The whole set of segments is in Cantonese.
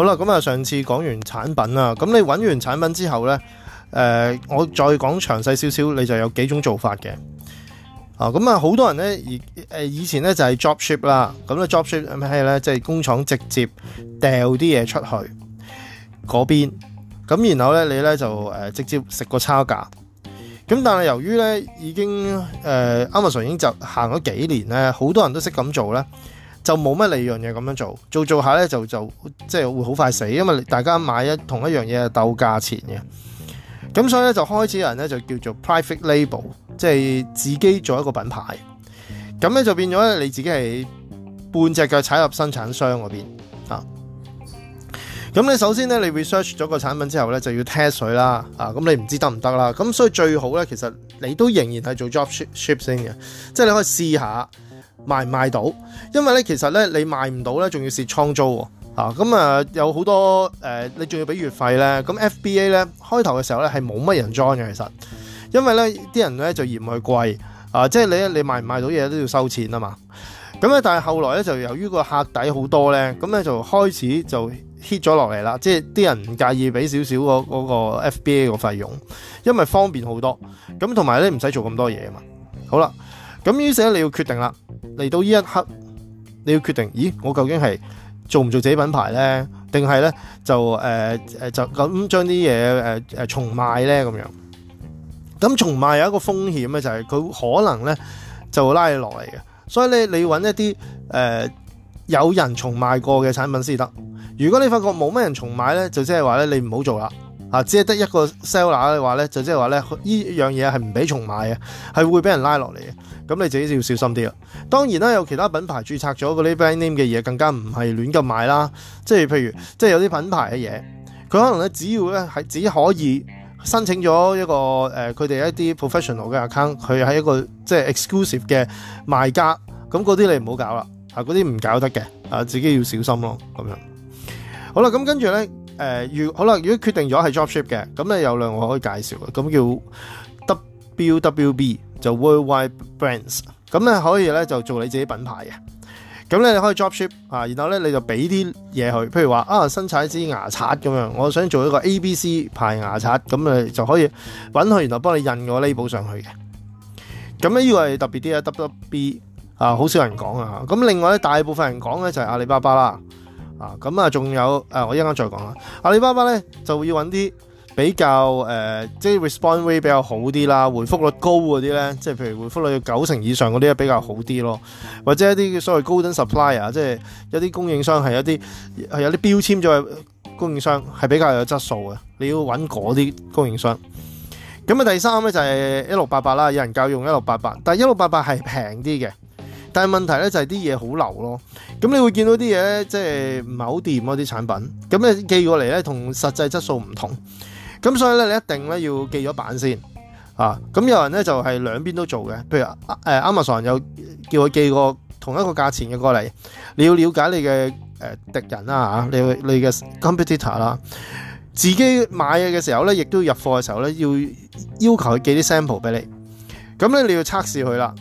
好啦，咁啊，上次講完產品啦，咁你揾完產品之後呢，誒、呃，我再講詳細少少，你就有幾種做法嘅。啊，咁啊，好多人呢，而誒以前呢就係 Drop Ship 啦，咁咧 Drop Ship 咩呢？即係工廠直接掉啲嘢出去嗰邊，咁然後呢，你呢就誒直接食個差價。咁但係由於呢已經誒、呃、Amazon 已經就行咗幾年呢，好多人都識咁做咧。就冇乜利潤嘅咁樣做，做一做一下咧就就即係會好快死，因為大家買一同一樣嘢鬥價錢嘅，咁所以咧就開始有人咧就叫做 private label，即係自己做一個品牌，咁咧就變咗咧你自己係半隻腳踩入生產商嗰邊啊，咁你首先咧你 research 咗個產品之後咧就要 test 水啦，啊，咁你唔知得唔得啦，咁所以最好咧其實你都仍然係做 drop shipping 嘅，即係你可以試下。賣唔賣到？因為咧、啊啊啊呃，其實咧，你賣唔到咧，仲要蝕倉租喎。咁啊，有好多誒，你仲要俾月費咧。咁 FBA 咧，開頭嘅時候咧係冇乜人 join 嘅，其實，因為咧啲人咧就嫌佢貴。啊，即係你你賣唔賣到嘢都要收錢啊嘛。咁、啊、咧，但係後來咧就由於個客底好多咧，咁咧就開始就 hit 咗落嚟啦。即係啲人唔介意俾少少嗰嗰個 FBA 個費用，因為方便好多。咁同埋咧唔使做咁多嘢啊嘛。好啦。咁於是你要決定啦。嚟到呢一刻，你要決定，咦，我究竟係做唔做自己品牌呢？定係呢？就誒、呃、就咁將啲嘢誒重賣呢？咁樣。咁重賣有一個風險呢就係、是、佢可能呢就會拉你落嚟嘅。所以你你揾一啲誒、呃、有人重賣過嘅產品先得。如果你發覺冇咩人重賣呢，就即係話呢你唔好做啦。啊，只係得一個 seller 嘅話咧，就即係話咧，依樣嘢係唔俾重買嘅，係會俾人拉落嚟嘅。咁你自己要小心啲咯。當然啦，有其他品牌註冊咗嗰啲 brand name 嘅嘢，更加唔係亂咁買啦。即係譬如，即係有啲品牌嘅嘢，佢可能咧，只要咧係只可以申請咗一個呃、佢哋一啲 professional 嘅 account，佢係一個即係 exclusive 嘅賣家。咁嗰啲你唔好搞啦，嗰啲唔搞得嘅，啊，自己要小心咯。咁樣好啦，咁跟住咧。誒，如好啦，如果決定咗係 dropship 嘅，咁咧有兩個可以介紹嘅，咁叫 W W B 就 Worldwide Brands，咁咧可以咧就做你自己品牌嘅，咁咧你可以 dropship 啊，然後咧你就俾啲嘢佢，譬如話啊生產一支牙刷咁樣，我想做一個 A B C 牌牙刷，咁誒就可以揾佢，然後幫你印個 label 上去嘅。咁呢個係特別啲啊，W W B 啊，好少人講啊，咁另外咧大部分人講咧就係阿里巴巴啦。啊，咁啊，仲有，我一陣間再講啦。阿里巴巴咧就會要揾啲比較即係、呃即係、response rate 比較好啲啦，回覆率高嗰啲咧，即係譬如回覆率九成以上嗰啲比較好啲咯，或者一啲所謂 golden supplier，即係一啲供應商係一啲係有啲標籤咗嘅供應商，係比較有質素嘅，你要揾嗰啲供應商。咁啊，第三咧就係一六八八啦，有人教用 88, 一六八八，但一六八八係平啲嘅。但係問題咧就係啲嘢好流咯，咁你會見到啲嘢咧即係唔係好掂啲產品，咁你寄過嚟咧同實際質素唔同，咁所以咧你一定咧要寄咗版先啊，咁有人咧就係兩邊都做嘅，譬如誒 Amazon 有叫佢寄個同一個價錢嘅過嚟，你要了解你嘅誒敵人啦嚇你你嘅 competitor 啦，自己買嘢嘅時候咧，亦都入貨嘅時候咧，要要求佢寄啲 sample 俾你，咁咧你要測試佢啦。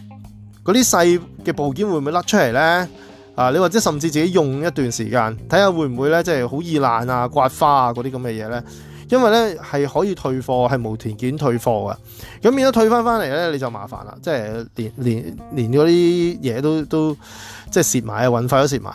嗰啲細嘅部件會唔會甩出嚟咧？啊，你或者甚至自己用一段時間，睇下會唔會咧，即係好易爛啊、刮花啊嗰啲咁嘅嘢咧？因為咧係可以退貨，係無條件退貨嘅。咁變咗退翻翻嚟咧，你就麻煩啦，即係連連連嗰啲嘢都都即係蝕埋啊，運費都蝕埋。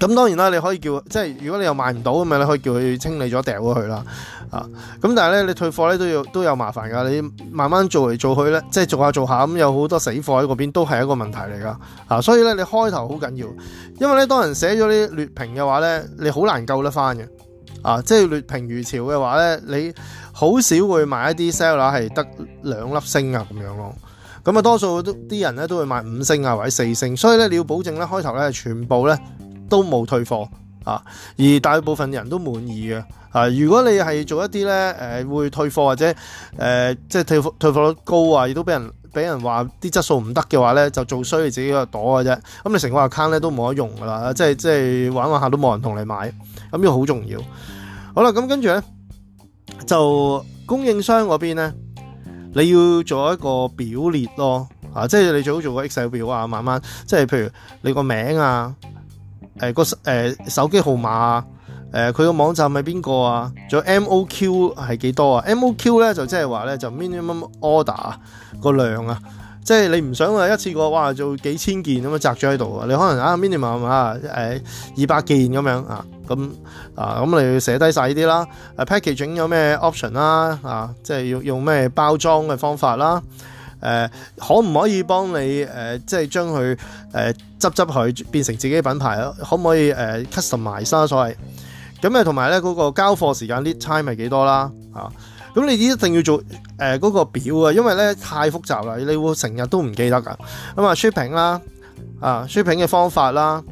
咁當然啦，你可以叫即係如果你又買唔到，咁你可以叫佢清理咗掉咗佢啦。啊，咁但係咧，你退貨咧都要都有麻煩㗎。你慢慢做嚟做去咧，即係做下做下咁，有好多死貨喺嗰邊，都係一個問題嚟㗎。啊，所以咧你開頭好緊要，因為咧當人寫咗啲劣評嘅話咧，你好難救得翻嘅。啊，即係劣評如潮嘅話咧，你好少會買一啲 seller 係得兩粒星啊咁樣咯。咁啊多數啲人咧都會買五星啊或者四星，所以咧你要保證咧開頭咧全部咧。都冇退貨啊，而大部分人都滿意嘅啊。如果你係做一啲咧，誒、呃、會退貨或者誒、呃、即係退貨退貨率高啊，亦都俾人俾人話啲質素唔得嘅話咧，就做衰你自己你個朵，躲嘅啫。咁你成個 account 咧都冇得用噶啦、啊，即係即係玩玩下都冇人同你買，咁呢個好重要。好啦，咁跟住咧就供應商嗰邊咧，你要做一個表列咯啊，即係你最好做個 Excel 表啊，慢慢即係譬如你個名啊。誒個誒手機號碼，誒佢個網站係邊個啊？仲有 MOQ 係幾多啊？MOQ 咧就即係話咧就，就 minimum order 個量啊，即、就、係、係、你唔想話一次過哇做幾千件咁樣摘咗喺度啊？你可能啊 minimum 啊誒二百件咁樣啊，咁啊咁你寫低晒呢啲啦。誒 packaging 有咩 option 啦？啊，啊啊即係要用咩包裝嘅方法啦、啊？誒、呃、可唔可以幫你誒、呃、即係將佢誒、呃、執執佢變成自己品牌咯？可唔可以誒 custom 埋？所謂咁誒？同埋咧嗰個交貨時間 lead time 係幾多啦？嚇、啊、咁你一定要做誒嗰、呃那個表啊，因為咧太複雜啦，你會成日都唔記得噶。咁啊，shipping 啦啊，shipping 嘅方法啦，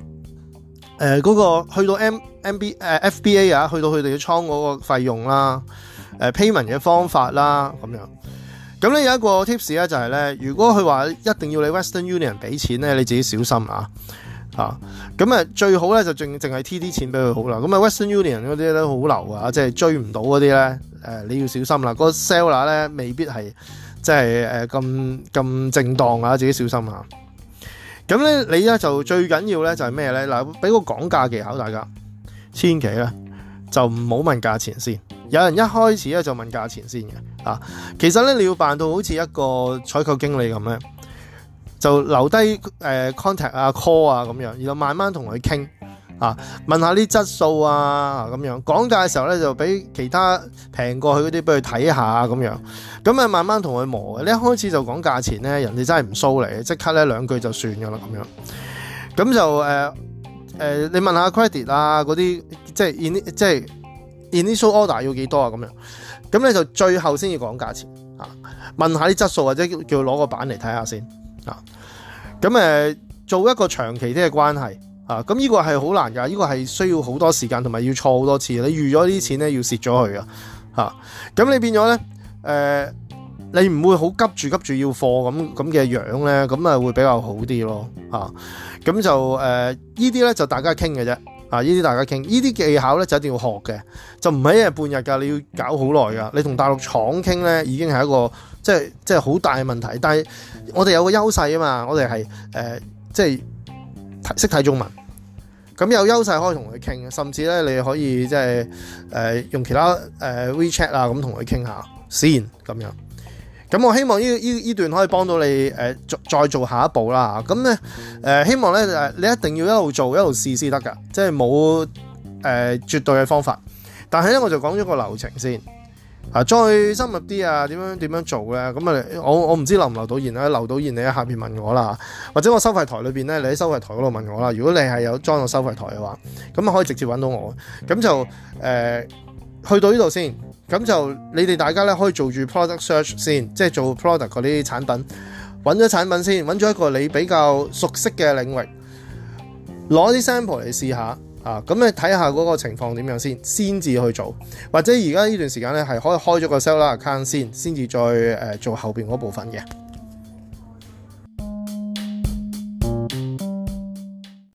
誒、啊、嗰、那個去到 M M B 誒、呃、F B A 啊，去到佢哋嘅倉嗰個費用啦，誒、啊、payment 嘅方法啦，咁、啊、樣。咁咧有一個 tips 咧就係、是、咧，如果佢話一定要你 Western Union 俾錢咧，你自己小心啊！咁啊，啊最好咧就淨淨係 T 啲錢俾佢好啦。咁啊 Western Union 嗰啲咧好流啊，即係追唔到嗰啲咧，你要小心啦、啊。那個 seller 咧未必係即係咁咁正當啊，自己小心吓、啊。咁、啊、咧你咧就最緊要咧就係咩咧？嗱、啊，俾個講價技巧大家，千祈咧就唔好問價錢先。有人一開始咧就問價錢先嘅，啊，其實咧你要扮到好似一個採購經理咁咧，就留低誒、呃、contact 啊 call 啊咁樣，然後慢慢同佢傾，啊，問下啲質素啊咁、啊、樣，講價嘅時候咧就俾其他平過去嗰啲俾佢睇下咁樣，咁啊慢慢同佢磨。你一開始就講價錢咧，人哋真係唔蘇嚟，即刻咧兩句就算㗎啦咁樣。咁就誒誒、呃呃，你問下 credit 啊嗰啲，即係即係。Initial order 要幾多啊？咁樣，咁咧就最後先要講價錢啊，問下啲質素或者叫叫攞個板嚟睇下先啊。咁、呃、做一個長期啲嘅關係啊。咁呢個係好難㗎，呢、呢個係需要好多時間同埋要錯好多次。你預咗啲錢咧要蝕咗佢啊。嚇，咁你變咗咧、呃、你唔會好急住急住要貨咁咁嘅樣咧，咁啊會比較好啲咯。嚇、啊，咁就呢啲咧就大家傾嘅啫。啊！呢啲大家傾，呢啲技巧咧就一定要學嘅，就唔係一日半日噶，你要搞好耐噶。你同大陸廠傾咧，已經係一個即係即係好大嘅問題。但係我哋有個優勢啊嘛，我哋係誒即係識睇中文，咁有優勢可以同佢傾，甚至咧你可以即係、呃、用其他、呃、WeChat 啊咁同佢傾下先咁樣。咁我希望呢呢呢段可以幫到你、呃，再做下一步啦。咁咧、呃、希望咧、呃、你一定要一路做一路試先得㗎，即係冇誒絕對嘅方法。但係咧我就講咗個流程先。啊，再深入啲啊，點樣點樣做咧？咁啊，我我唔知留唔留到言啦，留到言你喺下面問我啦，或者我收費台裏面咧，你喺收費台嗰度問我啦。如果你係有裝個收費台嘅話，咁啊可以直接揾到我。咁就、呃、去到呢度先。咁就你哋大家咧可以做住 product search 先，即係做 product 嗰啲產品，揾咗產品先，揾咗一個你比較熟悉嘅領域，攞啲 sample 嚟試下啊，咁你睇下嗰個情況點樣先，先至去做，或者而家呢段時間咧係可以開咗個 seller account 先，先至再誒做後面嗰部分嘅。